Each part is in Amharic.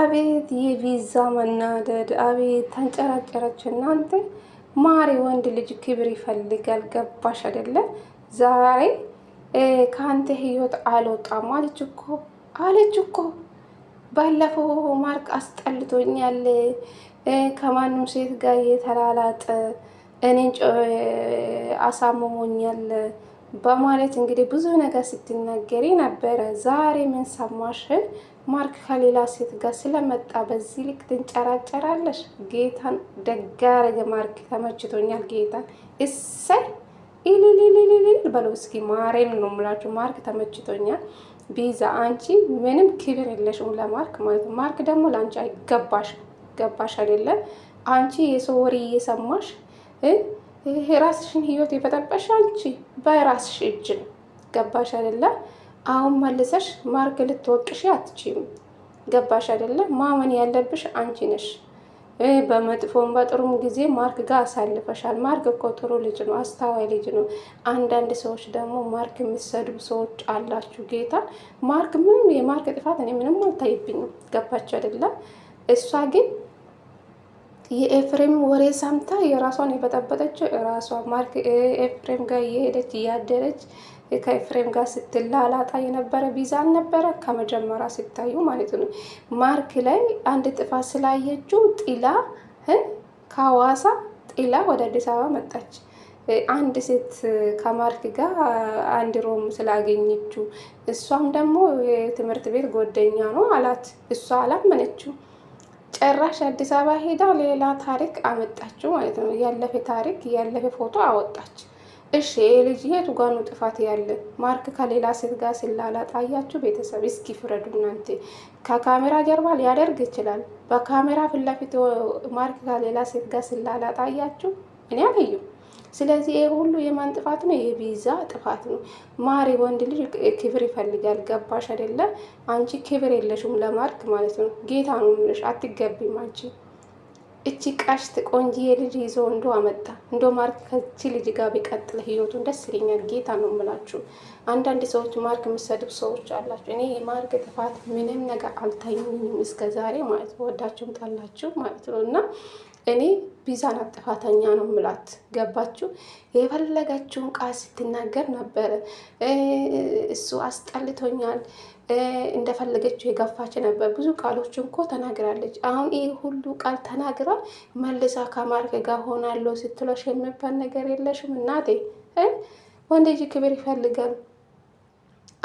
አቤት የቪዛ መናደድ! አቤት ተንጨራጨረች። እናንተ ማሪ ወንድ ልጅ ክብር ይፈልጋል። ገባሽ አይደለም? ዛሬ ከአንተ ህይወት አልወጣም አለች እኮ አለች እኮ። ባለፈው ማርክ አስጠልቶኛል፣ ከማንም ሴት ጋር የተላላጠ እኔን አሳምሞኛል በማለት እንግዲህ ብዙ ነገር ስትናገሪ ነበረ። ዛሬ ምን ሰማሽን? ማርክ ከሌላ ሴት ጋር ስለመጣ በዚህ ልክ ትንጨራጨራለሽ? ጌታን ደጋረገ ማርክ ተመችቶኛል። ጌታን እሰይ ኢልልልልል በለው እስኪ ማሬም ነው የምላችሁ። ማርክ ተመችቶኛል። ቢዛ አንቺ ምንም ክብር የለሽም ለማርክ ማለት ነው። ማርክ ደግሞ ለአንቺ አይገባሽ ገባሽ አይደለም? አንቺ የሰው ወሬ እየሰማሽ ራስሽን ህይወት የፈጠበሽ አንቺ በራስሽ እጅ ነው። ገባሽ አይደለም? አሁን መልሰሽ ማርክ ልትወቅሽ አትችም። ገባሽ አይደለም ማመን ያለብሽ አንቺ ነሽ። በመጥፎም በጥሩም ጊዜ ማርክ ጋር አሳልፈሻል። ማርክ እኮ ጥሩ ልጅ ነው፣ አስተዋይ ልጅ ነው። አንዳንድ ሰዎች ደግሞ ማርክ የሚሰድቡ ሰዎች አላችሁ። ጌታ ማርክ ምንም የማርክ ጥፋት እኔ ምንም አልታይብኝም። ገባችሁ አይደለም? እሷ ግን የኤፍሬም ወሬ ሰምታ የራሷን የበጠበጠችው ራሷ ማርክ ኤፍሬም ጋር እየሄደች እያደረች ከኤፍሬም ጋር ስትላላጣ የነበረ ቪዛን ነበረ ከመጀመሪያ ሲታዩ ማለት ነው። ማርክ ላይ አንድ ጥፋት ስላየችው ጥላ ከሐዋሳ ጥላ ወደ አዲስ አበባ መጣች። አንድ ሴት ከማርክ ጋር አንድ ሮም ስላገኘችው እሷም ደግሞ የትምህርት ቤት ጓደኛ ነው አላት። እሷ አላመነችው። ጭራሽ አዲስ አበባ ሄዳ ሌላ ታሪክ አመጣችው ማለት ነው። ያለፈ ታሪክ ያለፈ ፎቶ አወጣች። እሺ የልጅ የቱ ጋር ጥፋት ያለ? ማርክ ከሌላ ሴት ጋር ስላላ ጣያችሁ ቤተሰብ፣ እስኪ ፍረዱ እናንተ። ከካሜራ ጀርባ ሊያደርግ ይችላል። በካሜራ ፊት ለፊት ማርክ ከሌላ ሴት ጋር ስላላጣ እኔ አላየሁም። ስለዚህ ይሄ ሁሉ የማን ጥፋት ነው? የቪዛ ጥፋት ነው። ማሪ ወንድ ልጅ ክብር ይፈልጋል። ገባሽ አይደለም? አንቺ ክብር የለሽም ለማርክ ማለት ነው። ጌታ ነው ምልሽ፣ አትገቢም አንቺ እቺ ቃሽት ቆንጂ ልጅ ይዞ እንዶ አመጣ እንዶ ማርክ ከቺ ልጅ ጋር ቢቀጥል ህይወቱን ደስ ይለኛል። ጌታ ነው የምላችሁ። አንዳንድ ሰዎች ማርክ የምሰድብ ሰዎች አላችሁ። እኔ የማርክ ጥፋት ምንም ነገር አልታየኝም እስከ ዛሬ ማለት ወዳችሁም ጣላችሁ ማለት ነው እና እኔ ቢዛን ጥፋተኛ ነው ምላት። ገባችሁ? የፈለጋችሁን ቃል ስትናገር ነበረ። እሱ አስጠልቶኛል እንደፈለገችው የገፋች ነበር። ብዙ ቃሎች እኮ ተናግራለች። አሁን ይህ ሁሉ ቃል ተናግራ መልሳ ከማርክ ጋር ሆናለሁ ስትሎሽ የሚባል ነገር የለሽም እናቴ። ወንድ ልጅ ክብር ይፈልጋል።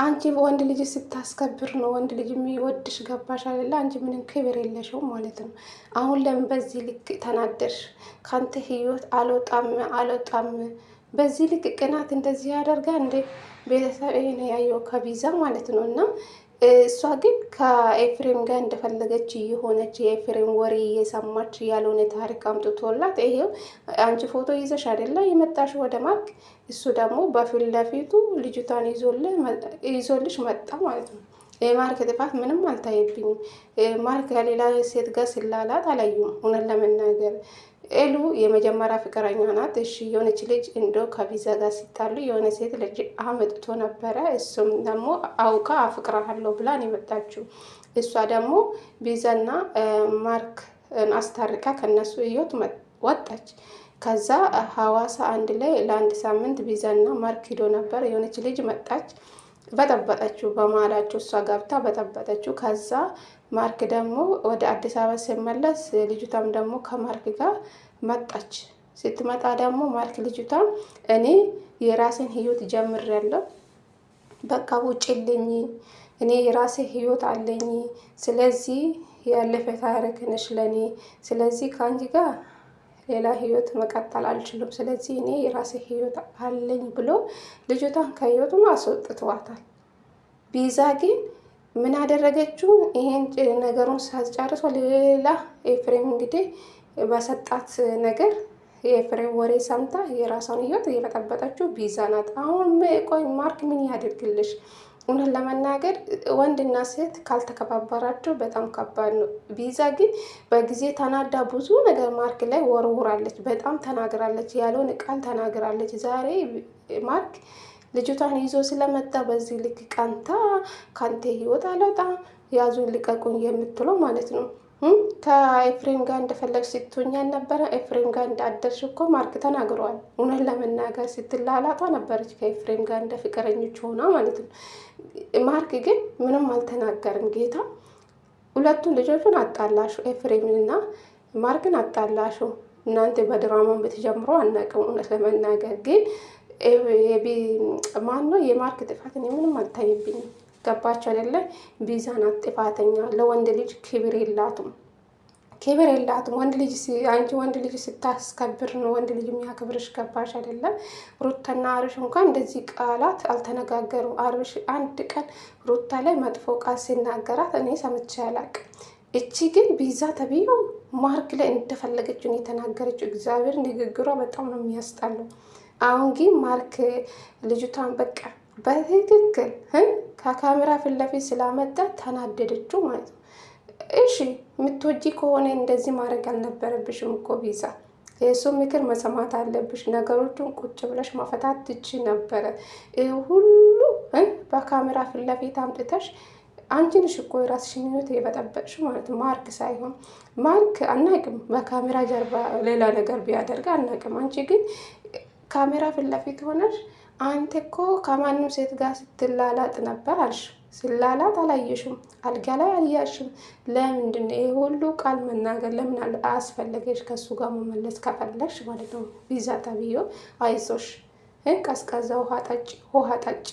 አንቺ ወንድ ልጅ ስታስከብር ነው ወንድ ልጅ የሚወድሽ። ገባሽ አይደለ? አንቺ ምንም ክብር የለሽው ማለት ነው። አሁን ለምን በዚህ ልክ ተናደሽ? ከአንተ ህይወት አልወጣም አልወጣም። በዚህ ልክ ቅናት እንደዚህ ያደርጋ እንዴ? ቤተሰብ ይሄን ያየው ከቪዛ ማለት ነው እና እሷ ግን ከኤፍሬም ጋር እንደፈለገች የሆነች የኤፍሬም ወሬ እየሰማች ያልሆነ ታሪክ አምጥቶላት ይሄው አንቺ ፎቶ ይዘሽ አይደለ የመጣሽ ወደ ማርክ፣ እሱ ደግሞ በፊት ለፊቱ ልጅቷን ይዞልሽ መጣ ማለት ነው። የማርክ ጥፋት ምንም አልታየብኝም። ማርክ ከሌላ ሴት ጋር ስላላት አላዩም እውነት ለመናገር ኤሉ የመጀመሪያ ፍቅረኛ ናት። እሺ የሆነች ልጅ እንዶ ከቪዛ ጋር ሲታሉ የሆነ ሴት ልጅ አመጥቶ ነበረ። እሱም ደግሞ አውቃ አፍቅርሃለሁ ብላን የመጣችው እሷ ደግሞ ቪዛና ማርክ አስታርቃ ከነሱ እዮት ወጣች። ከዛ ሀዋሳ አንድ ላይ ለአንድ ሳምንት ቪዛና ማርክ ሂዶ ነበር። የሆነች ልጅ መጣች፣ በጠበጠችው በመሀላቸው እሷ ገብታ በጠበጠችው። ከዛ ማርክ ደግሞ ወደ አዲስ አበባ ሲመለስ ልጅቷም ደግሞ ከማርክ ጋር መጣች። ስትመጣ ደግሞ ማርክ ልጅቷም እኔ የራሴን ህይወት ጀምሬያለሁ፣ በቃ ውጭልኝ፣ እኔ የራሴ ህይወት አለኝ፣ ስለዚህ ያለፈ ታሪክ ነሽ ለእኔ፣ ስለዚህ ከአንቺ ጋር ሌላ ህይወት መቀጠል አልችሉም፣ ስለዚህ እኔ የራሴ ህይወት አለኝ ብሎ ልጅቷን ከህይወቱ አስወጥተዋታል። ቢዛ ግን ምን አደረገችው? ይሄን ነገሩን ሳትጨርስ ሌላ ኤፍሬም እንግዲህ በሰጣት ነገር የፍሬ ወሬ ሰምታ የራሷን ህይወት እየበጠበጠችው ቢዛ ናት። አሁን ቆይ ማርክ ምን ያደርግልሽ? እውነት ለመናገር ወንድና ሴት ካልተከባበራቸው በጣም ከባድ ነው። ቢዛ ግን በጊዜ ተናዳ ብዙ ነገር ማርክ ላይ ወርውራለች። በጣም ተናግራለች፣ ያለውን ቃል ተናግራለች። ዛሬ ማርክ ልጅቷን ይዞ ስለመጣ በዚህ ልክ ቀንታ ካንቴ ህይወት አለውጣ ያዙ ልቀቁኝ የምትለው ማለት ነው። ከኤፍሬም ጋር እንደፈለግሽ ስትሆኛ ነበረ። ኤፍሬም ጋር እንዳደርሽ እኮ ማርክ ተናግረዋል። እውነት ለመናገር ስትላላጣ ነበረች ከኤፍሬም ጋር እንደ ፍቅረኞች ሆና ማለት ነው። ማርክ ግን ምንም አልተናገርም። ጌታ ሁለቱን ልጆቹን አጣላሹ፣ ኤፍሬምንና ማርክን አጣላሹ። እናንተ በድራማን በተጀምሮ አናውቅም። እውነት ለመናገር ግን ማን ነው የማርክ ጥፋት እኔ ምንም አልታየብኝም። ገባቸው አይደለ? ቤዛ ናት ጥፋተኛ። ለወንድ ልጅ ክብር የላትም ክብር የላትም። ወንድ ልጅ አንቺ ወንድ ልጅ ስታስከብር ነው ወንድ ልጅ የሚያክብርሽ። ገባሽ አይደለም? ሩታና አርሽ እንኳን እንደዚህ ቃላት አልተነጋገሩ። አርሽ አንድ ቀን ሩታ ላይ መጥፎ ቃል ሲናገራት እኔ ሰምቼ አላቅም። እቺ ግን ቤዛ ተብዬው ማርክ ላይ እንደፈለገችው የተናገረችው። እግዚአብሔር ንግግሯ በጣም ነው የሚያስጠላው። አሁን ግን ማርክ ልጅቷን በቃ በትክክል ከካሜራ ፊት ለፊት ስላመጣ ተናደደችው ማለት ነው። እሺ የምትወጂ ከሆነ እንደዚህ ማድረግ አልነበረብሽም እኮ ቤዛ። የእሱ ምክር መሰማት አለብሽ። ነገሮቹን ቁጭ ብለሽ መፈታት ትች ነበረ። ሁሉ በካሜራ ፊት ለፊት አምጥተሽ አንቺ ነሽ እኮ የራስሽን ሕይወት ማለት ማርክ ሳይሆን ማርክ አናቅም። በካሜራ ጀርባ ሌላ ነገር ቢያደርግ አናቅም። አንቺ ግን ካሜራ ፊት ለፊት ሆነሽ አንተ እኮ ከማንም ሴት ጋር ስትላላጥ ነበር አልሽ። ስላላት አላየሽም፣ አልጋ ላይ አልያሽም። ለምንድን ነው ይህ ሁሉ ቃል መናገር? ለምን አስፈለገሽ? ከሱ ጋር መመለስ ከፈለሽ ማለት ነው። ቪዛ ተብዮ አይሶሽ፣ ቀዝቃዛ ውሃ ጠጪ፣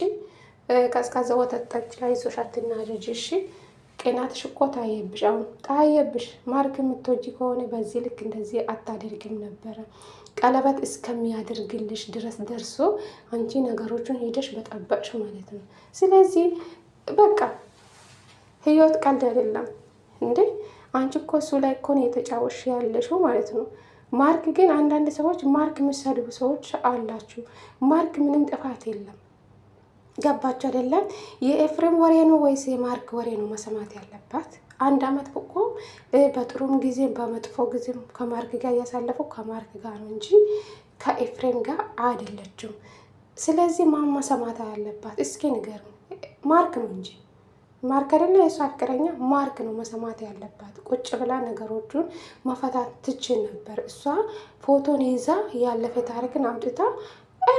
ቀዝቃዛ ወተት ጠጪ፣ አይዞሽ፣ አትናደጂ እሺ ቅናትሽ እኮ ታየብሽ፣ አሁን ታየብሽ። ማርክ የምትወጂ ከሆነ በዚህ ልክ እንደዚህ አታደርግም ነበረ። ቀለበት እስከሚያደርግልሽ ድረስ ደርሶ አንቺ ነገሮቹን ሄደሽ በጠበቅሽ ማለት ነው። ስለዚህ በቃ ህይወት ቀልድ አይደለም እንዴ! አንቺ እኮ እሱ ላይ እኮ ነው የተጫወሽ ያለሽው ማለት ነው። ማርክ ግን አንዳንድ ሰዎች ማርክ የምትሰድቡ ሰዎች አላችሁ። ማርክ ምንም ጥፋት የለም ገባቸው አይደለም? የኤፍሬም ወሬ ነው ወይስ የማርክ ወሬ ነው መሰማት ያለባት? አንድ አመት እኮ በጥሩም ጊዜም በመጥፎ ጊዜም ከማርክ ጋር እያሳለፈው ከማርክ ጋር ነው እንጂ ከኤፍሬም ጋር አይደለችም። ስለዚህ ማን መሰማት ያለባት እስኪ ንገር። ማርክ ነው እንጂ ማርክ አይደለ የእሱ ፍቅረኛ ማርክ ነው መሰማት ያለባት። ቁጭ ብላ ነገሮቹን መፈታት ትችል ነበር። እሷ ፎቶን ይዛ ያለፈ ታሪክን አምጥታ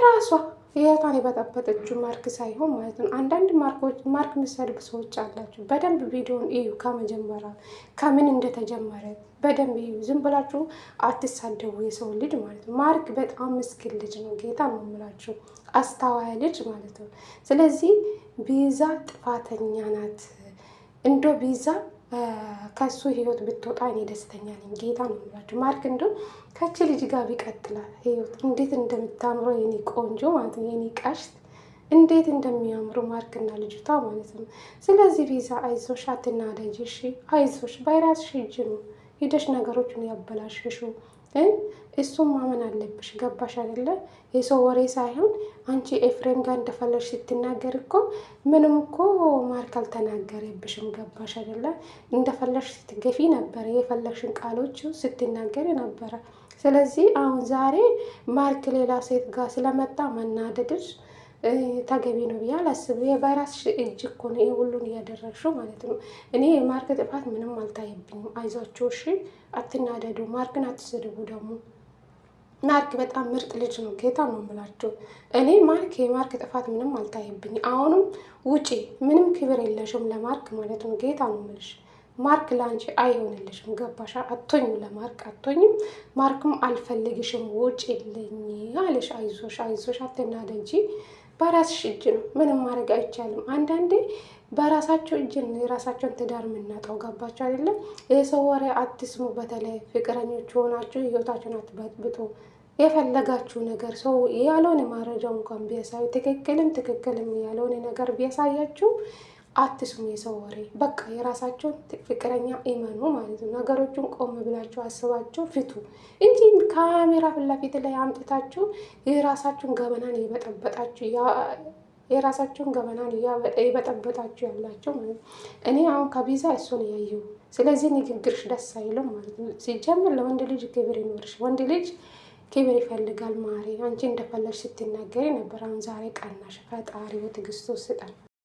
ራሷ ህይወቷን የበጠበጠችው ማርክ ሳይሆን ማለት ነው። አንዳንድ ማርኮች ማርክ የሚሰድቡ ሰዎች አላችሁ። በደንብ ቪዲዮን እዩ። ከመጀመሪያ ከምን እንደተጀመረ በደንብ እዩ። ዝም ብላችሁ አትሳደቡ፣ የሰው ልጅ ማለት ነው። ማርክ በጣም ምስኪን ልጅ ነው። ጌታ ነው የምላችሁ፣ አስተዋይ ልጅ ማለት ነው። ስለዚህ ቤዛ ጥፋተኛ ናት እንዶ ቤዛ ከእሱ ህይወት ብትወጣ እኔ ደስተኛ ነኝ። ጌታ ነው የሚላቸው ማርክ እንዲሁም ከች ልጅ ጋር ቢቀጥላል ህይወት እንዴት እንደምታምረው የኔ ቆንጆ ማለት ነው የኔ ቀሽት እንዴት እንደሚያምሩ ማርክና ልጅቷ ማለት ነው። ስለዚህ ቤዛ አይዞሽ፣ አትናደጂ፣ እሺ አይዞሽ። በራስሽ እጅ ነው ሂደሽ ነገሮችን ያበላሽሹ እሱም ማመን አለብሽ። ገባሽ አይደለ? የሰው ወሬ ሳይሆን አንቺ ኤፍሬም ጋር እንደፈለሽ ስትናገር እኮ ምንም እኮ ማርክ አልተናገረብሽም። ገባሽ አይደለ? እንደፈለሽ ስትገፊ ነበረ፣ የፈለግሽን ቃሎች ስትናገር ነበረ። ስለዚህ አሁን ዛሬ ማርክ ሌላ ሴት ጋር ስለመጣ መናደድሽ ተገቢ ነው ብዬ አላስብ። በራስሽ እጅ እኮ ነው ሁሉን እያደረግሽው ማለት ነው። እኔ የማርክ ጥፋት ምንም አልታየብኝም። አይዟችሁ፣ እሺ፣ አትናደዱ፣ ማርክን አትስድቡ ደግሞ ማርክ በጣም ምርጥ ልጅ ነው። ጌታ ነው የምላችሁ። እኔ ማርክ የማርክ ጥፋት ምንም አልታየብኝ። አሁንም ውጪ፣ ምንም ክብር የለሽም ለማርክ ማለት ነው። ጌታ ነው የምልሽ። ማርክ ለአንቺ አይሆንልሽም። ገባሻ? አቶኝም ለማርክ አቶኝም፣ ማርክም አልፈልግሽም፣ ውጪ ልኝ አለሽ። አይዞሽ አይዞሽ፣ አትናደጂ። በራስሽ እጅ ነው። ምንም ማድረግ አይቻልም። አንዳንዴ በራሳቸው እጅ የራሳቸውን ትዳር የምናጣው ገባቸው አይደለም። ሰው ወሬ አትስሙ። በተለይ ፍቅረኞች ሆናችሁ ህይወታችሁን አትበጥብጡ። የፈለጋችሁ ነገር ሰው ያልሆነ መረጃው እንኳን ቢያሳዩ ትክክልም ትክክልም ያልሆነ ነገር ቢያሳያችሁ አትስሙ የሰው ወሬ። በቃ የራሳቸውን ፍቅረኛ እመኑ ማለት ነው። ነገሮቹን ቆም ብላችሁ አስባችሁ ፍቱ እንጂ ካሜራ ፊት ለፊት ላይ አምጥታችሁ የራሳችሁን ገበናን የበጠበጣችሁ የራሳቸውን ገበና የበጠበጣችሁ ያላቸው ማለት እኔ አሁን ከቢዛ እሱን ያየው። ስለዚህ ንግግርሽ ደስ አይልም ማለት ነው። ሲጀምር ለወንድ ልጅ ክብር ይኖርሽ። ወንድ ልጅ ክብር ይፈልጋል። ማሪ አንቺ እንደፈለሽ ስትናገሪ ነበር። አሁን ዛሬ ቀናሽ። ፈጣሪ ትዕግስቱ ስጠን።